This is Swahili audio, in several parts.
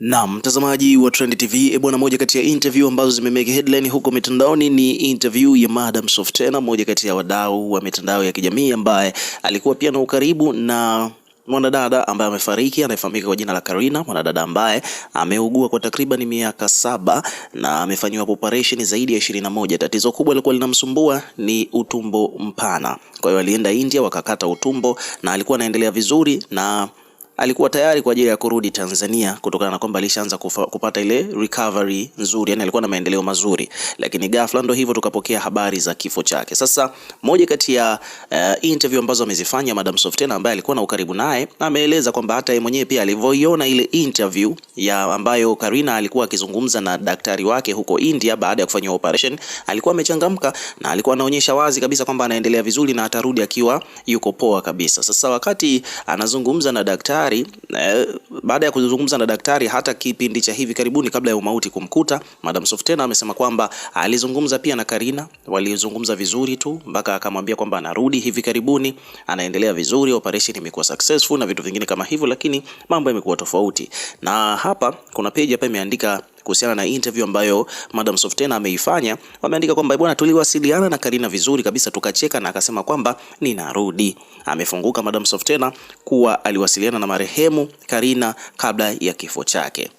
Na mtazamaji wa Trend TV, e bwana, moja kati ya interview ambazo zimemeke headline huko mitandaoni ni interview ya Madam Softena, moja kati ya wadau wa mitandao ya kijamii ambaye alikuwa pia na ukaribu na mwanadada ambaye amefariki anayefahamika kwa jina la Karina, mwanadada ambaye ameugua kwa takriban miaka saba na amefanyiwa operation zaidi ya ishirini na moja. Tatizo kubwa lilikuwa linamsumbua ni utumbo mpana, kwa hiyo alienda India wakakata utumbo na alikuwa anaendelea vizuri na alikuwa tayari kwa ajili ya kurudi Tanzania kutokana na kwamba alishaanza kupata ile recovery nzuri, yani alikuwa na maendeleo mazuri, lakini ghafla ndo hivyo tukapokea habari za kifo chake. Sasa moja kati ya uh, interview ambazo amezifanya Madam Softena ambaye alikuwa na ukaribu naye, ameeleza kwamba hata yeye mwenyewe pia alivyoiona ile interview ya ambayo Karina alikuwa akizungumza na daktari wake huko India baada ya kufanywa operation, alikuwa amechangamka na alikuwa anaonyesha wazi kabisa kwamba anaendelea vizuri na atarudi akiwa yuko poa kabisa. Sasa wakati anazungumza na daktari daktari eh, baada ya kuzungumza na daktari hata kipindi cha hivi karibuni kabla ya umauti kumkuta, Madam Softena amesema kwamba alizungumza pia na Karina, walizungumza vizuri tu mpaka akamwambia kwamba anarudi hivi karibuni, anaendelea vizuri, operation imekuwa successful na vitu vingine kama hivyo, lakini mambo yamekuwa tofauti. Na hapa kuna page hapa imeandika kuhusiana na interview ambayo Madam Softena ameifanya, wameandika kwamba bwana, tuliwasiliana na Karina vizuri kabisa, tukacheka na akasema kwamba ninarudi. Amefunguka Madam Softena kuwa aliwasiliana na marehemu Karina kabla ya kifo chake.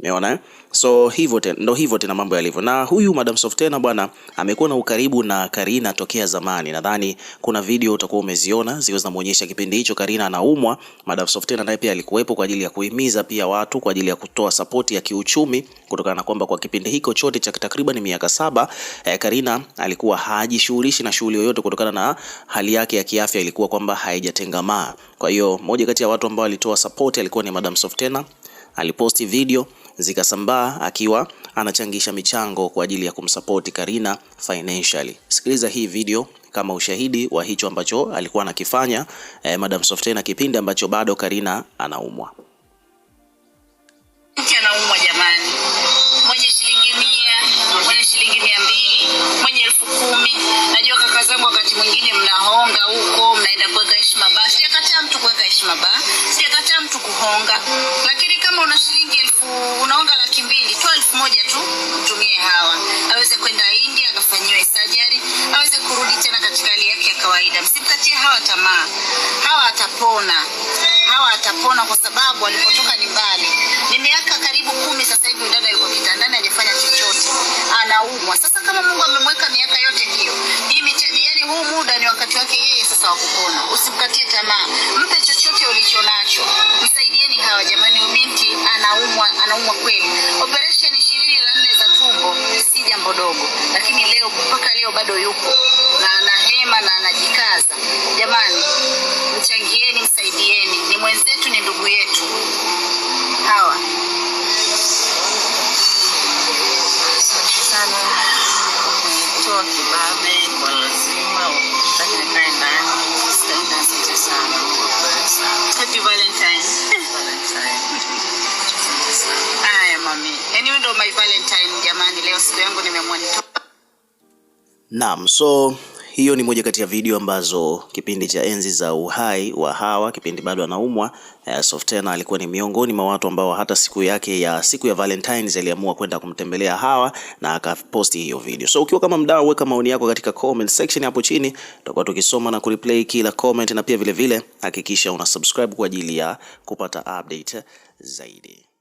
Umeona eh? So hivyo tena ndo hivyo tena mambo yalivyo. Na huyu Madam Softena bwana amekuwa na ukaribu na Karina tokea zamani. Nadhani kuna video utakuwa umeziona ziwe zinamuonyesha kipindi hicho Karina anaumwa, Madam Softena naye pia alikuwepo kwa ajili ya kuhimiza pia watu kwa ajili ya kutoa sapoti ya kiuchumi kutokana na kwamba kwa kipindi hicho chote cha takriban miaka saba eh, Karina alikuwa hajishughulishi na shughuli yoyote kutokana na hali yake ya kiafya ilikuwa kwamba haijatengamaa. Kwa hiyo moja kati ya watu ambao walitoa support alikuwa ni Madam Softena aliposti video zikasambaa akiwa anachangisha michango kwa ajili ya kumsapoti Karina financially. Sikiliza hii video kama ushahidi wa hicho ambacho alikuwa anakifanya eh, Madam Softena kipindi ambacho bado Karina anaumwa. Anaumwa jamani, mwenye shilingi mwenye shilingi mwenye Najua kaka zangu, wakati mwingine mnahonga huko, mnaenda kuweka heshima mtu kuweka heshima mtu kuhonga, kawaida. Msimkatie hawa tamaa, hawa atapona, hawa atapona kwa sababu alipotoka ni mbali. Ni miaka karibu kumi sasa hivi dada yuko kitandani, hajafanya chochote, anaumwa. Sasa kama Mungu amemweka miaka yote hiyo, mimi yani huu muda ni wakati wake yeye sasa wa kupona. Usimkatie tamaa, mpe chochote ulichonacho anaumwa kweli. Operesheni ishirini na nne za tumbo si jambo dogo, lakini leo mpaka leo bado yuko na anahema na anajikaza. Jamani, mchangieni, msaidieni, ni mwenzetu, ni ndugu yetu hawa. Sana kwa lazima, huyu ndo my Valentine jamani, leo siku yangu nimemwona. Naam, so hiyo ni moja kati ya video ambazo kipindi cha enzi za uhai wa Hawa, kipindi bado anaumwa, eh, Softena alikuwa ni miongoni mwa watu ambao hata siku yake ya siku ya Valentines aliamua kwenda kumtembelea Hawa na akaposti hiyo video. So ukiwa kama mdau, weka maoni yako katika comment section hapo chini, tutakuwa tukisoma na kureplay kila comment, na pia vilevile hakikisha vile, una subscribe kwa ajili ya kupata update zaidi.